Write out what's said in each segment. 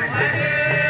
Amen.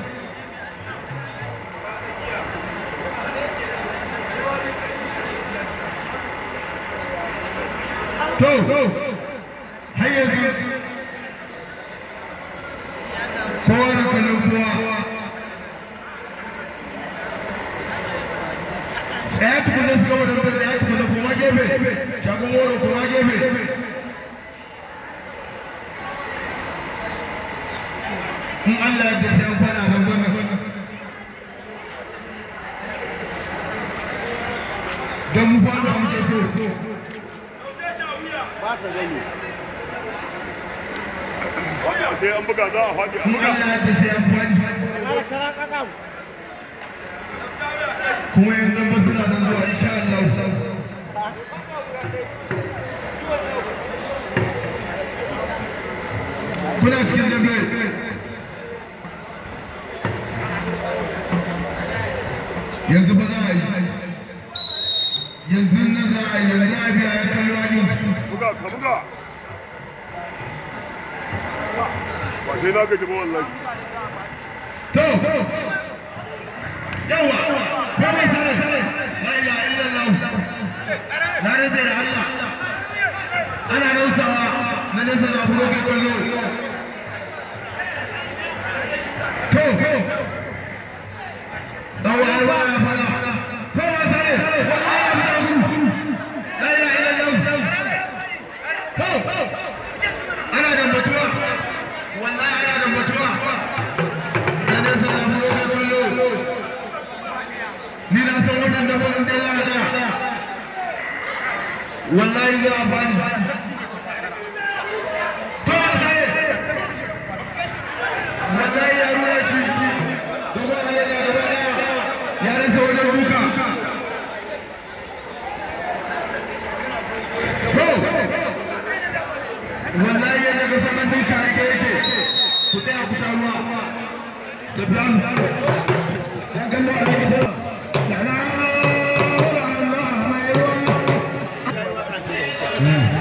Show! sai an buga za a faɗi a buga kuma yanzu ba suna nan zuwa insha Allah kuna cikin dambe yanzu ba za a yi yanzu na za a yi yanzu a biya ya kallo a buga ka buga ba to da Mm.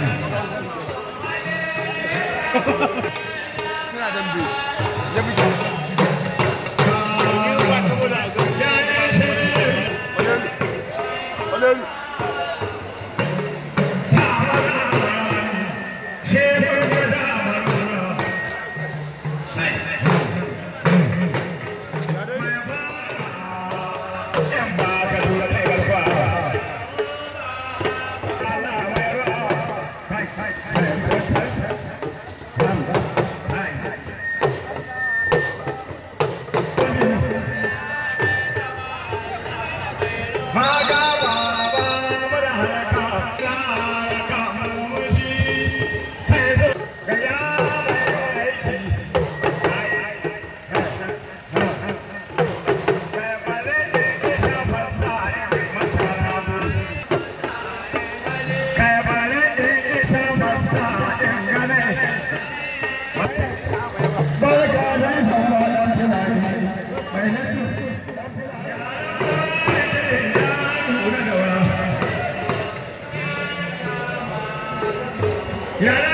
Yeah.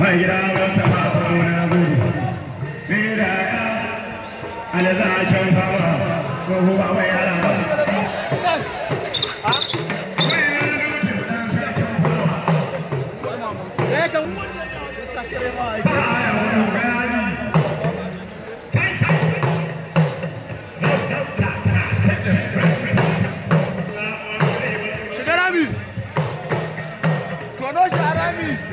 mai gida wanda ba samu na gudu ni da ya alza can sama wa kuma mai yara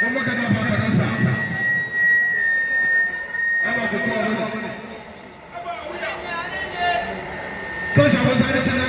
don maka da ba ka rasa ana ku kowa wani kashe wasu harshen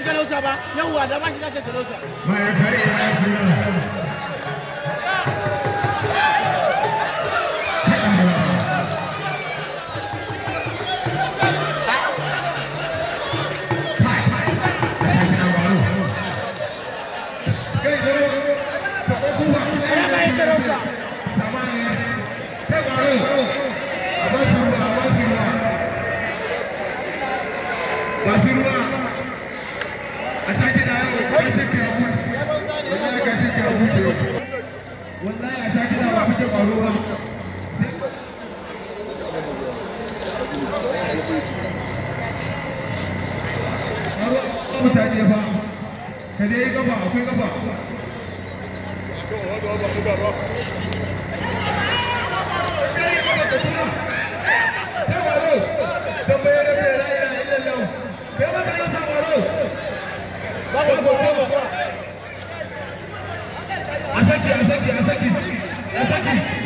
shi talauta ba da ba shi zaka talauta Come wallahi a Vamos, vamos, vamos. saki a saki a saki a saki